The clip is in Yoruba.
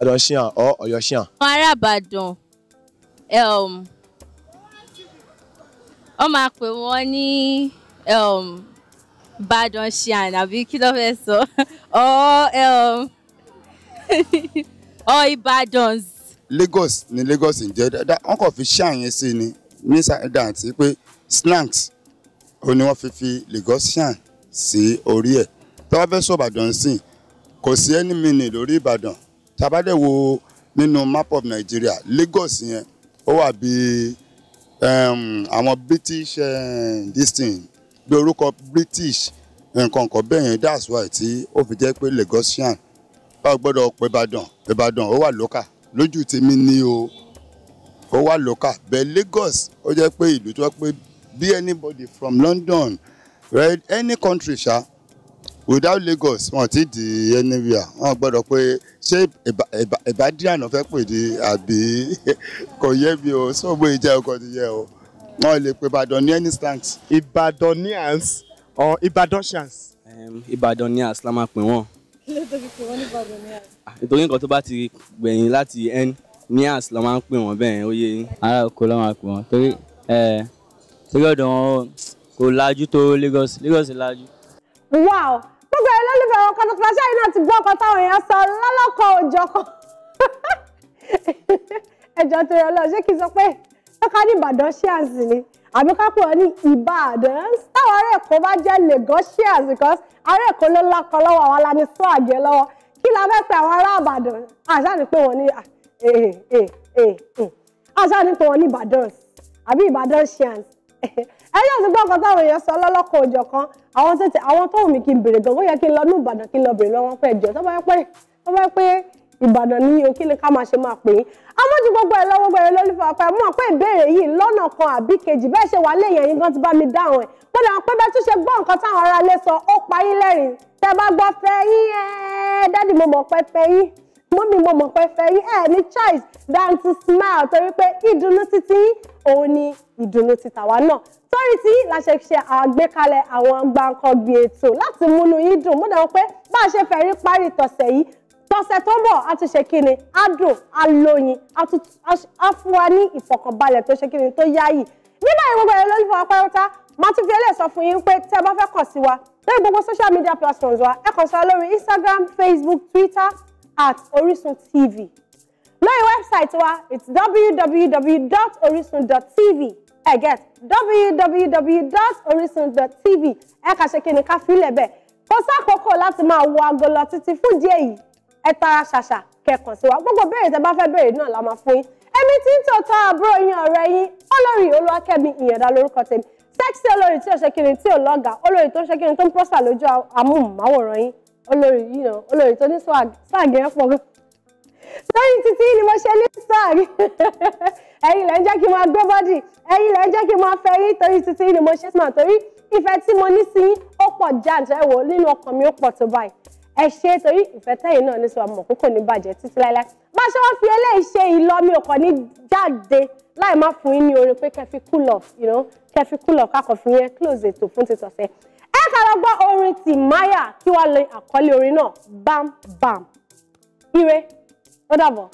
Edochian or Oyoshian? Ará Ìbàdàn. Um, wọ́n máa pè wọ́n ní um, Ìbàdàn Chian àbí kí ló fẹ́ sọ or um, or Ìbàdàn. Lagos ni Lagos ń jẹ́ wọ́n kàn fi Chian yẹn sí ni ní sáyẹ́dà àti pé snacks ó ní wọ́n fi fi Lagos Chian sí orí ẹ̀ tí wọ́n fẹ́ sọ Ìbàdàn sí i kò sí ẹni mìíní lórí ìbàdàn tabadẹ wo nínú map of nigeria lagos yẹn ó wà bí ehm, àwọn british uh, this thing bí orúkọ british nǹkan kan bẹ́ẹ̀ yẹn that's why tí ó fi jẹ́ pé lagosian báwo gbọ́dọ̀ pé ìbàdàn ìbàdàn ó wà lókà lójú tèmi ni o ó wà lókà bẹ́ẹ̀ lagos ó jẹ́ pé ìlú tó wá pé bí anybody from london right any country ṣáá without Lagos wọn ti di anywhere wọn gbọ́dọ̀ pé ṣé ìbádìrànà fẹ́ pè di àbí kò yẹ bí o so bó ìjẹ ọkọ ti yẹ o wọn lè pe Ìbàdànians slangs. Ìbàdànians or Ìbàdànians. Ìbàdànians la máa pè wọ́n. kí ló tóbi pé wọ́n ní Ìbàdànians. Ah, nítorí nǹkan tó bá ti gbẹ̀yìn láti n nias la máa ń pè wọ́n bẹ́ẹ̀ ó yé. ará oko la máa pè wọ́n torí torí ọ̀dọ̀ wọn kò lajú tó Lagos Lagos lajú. wow gbogbo ẹ̀ lólùfẹ́ ọkọ̀ tó fàṣẹ yìí náà ti gbọ́ ọkọ̀ táwọn èèyàn sọ lọ́lọ́kọ̀ òjọ̀kọ̀ ẹjọ́ tó yọ lọ ṣé kí n sọ pé ká ní Ìbàdàn shares ni àbí ká pè ọ́ ní Ìbàdàn táwọn ará Èkó bá jẹ́ Lagos shares because ará Èkó ló lọ́kọ̀ lọ́wọ́ àwọn alani swag lọ́wọ́ kí la fẹ́ pe àwọn ará Ìbàdàn àṣà ni pé wọ́n ní àṣà ah, eh, eh, eh, ni pé wọ́n ní Ìbàdàn àbí Ìbàdàn shares ẹjọ́ tó nǹkan táwọn èèyàn sọ lọ́lọ́kan òjọ̀ kan àwọn tó ti àwọn tó wù mí kí n bèrè gan ó yẹ kí n lọ ní Ìbàdàn kí n lọ bèrè lọ́wọ́ pẹ́ jọ tó bá yẹ pé tó bá yẹ pé Ìbàdàn ní o kí ni ká máa ṣe máa pè é amójú gbogbo ẹ lọ́wọ́ gbẹ̀rẹ̀ lórí fàáfà ẹ mọ̀ ìbéèrè yìí lọ́nà kan àbí kejì bẹ́ẹ̀ ṣe wà léèyàn yín gan ti bá mi dáhùn ẹ̀ mo dà pé bẹ́ẹ̀ tún ṣe gbọ́ nǹkan táwọn aráalé sọ ó parí lẹ́rìn tẹ bá gbọ́ fẹ́ yín ẹ́ẹ́ dádì mo mọ̀ pé fẹ́ yín mọ́mí mo mọ̀ pé fẹ́ yí ẹ̀ ní choice than to smile torí pé ìdùnnú títí òun ni ìdùnnú títà wa náà torí tí láṣẹ ṣe àgbékalẹ̀ àwọn gbàǹkangbì ètò láti múnú yín dùn múnà pé bá a ṣe fẹ̀rí parí tọ̀sẹ̀ yìí tọ̀sẹ̀ tó ń bọ̀ a ti ṣe kíni á dùn á lóyin á fún wa ní ìfọ̀kànbalẹ̀ tó ṣe kíni tó yáyì nínú àwọn gbogbo ẹ̀rọ lólùfọ̀ apáyọ́tá máa tún fi eléyìí sọ fún yín pé tẹ́ ẹ bá fẹ́ kàn sí wa lórí gbogbo social media platforms wa ẹ kàn sí wa lórí Instagram, Facebook, Twitter at Orisun TV lórí wẹ́bsáìtì wa it's www.orisun.tv ẹ get www.orisun.tv ẹ kà ṣe kíni ká filẹ̀ bẹ́ẹ̀ kò sákòókò láti máa wo aago lọ títí fún díẹ̀ yìí ẹ tara ṣàṣà kẹkàn sí wa gbogbo béèrè tẹ bá fẹ́ béèrè náà la máa fún yín èmi tí ń tòótọ́ àbúrò yín ọ̀rẹ́ yín olórí olúwakẹ́mi ìyẹ̀dá lórúkọ tèmi sẹ́ẹ̀sì olórí tí ò ṣe kíni tí ò lọ́gàá olórí tó ṣe kíni tó ń pọ́sà lójú amóhùnmáwòrán yín olórí yìí náà olórí tó ní swag swag yẹn pọ̀ gan sẹ́yìn títí ni mo ṣe ní swag ẹ̀yin lẹ́ ń jẹ́ kí n máa gbé bọ́dì ẹ̀yin lẹ́ ń jẹ́ kí n máa fẹ́ yín torí títí ni mo ṣe máa torí ìfẹ́ tí mo ní sí ó pọ̀ jáǹtì ẹ wò nínú ọkàn mi ó pọ̀ tó báyìí ẹ ṣe torí ìfẹ́ tẹ̀yìn náà ní sọ àmọ̀ kókò ní bàjẹ́ títí láéláé bá ṣe wọ́n fi eléyìí ṣe ìlọ mi ò kàn ní jáde láì má fún yín ní orin pé kẹfí cool off you know kẹfí cool off kákọ̀ fún yẹn close ètò fún títọ̀sẹ̀ ká lọ gbọ́ orin Timaya kí wàá lè àkọlé orin náà bam bam ire ó dàbọ̀.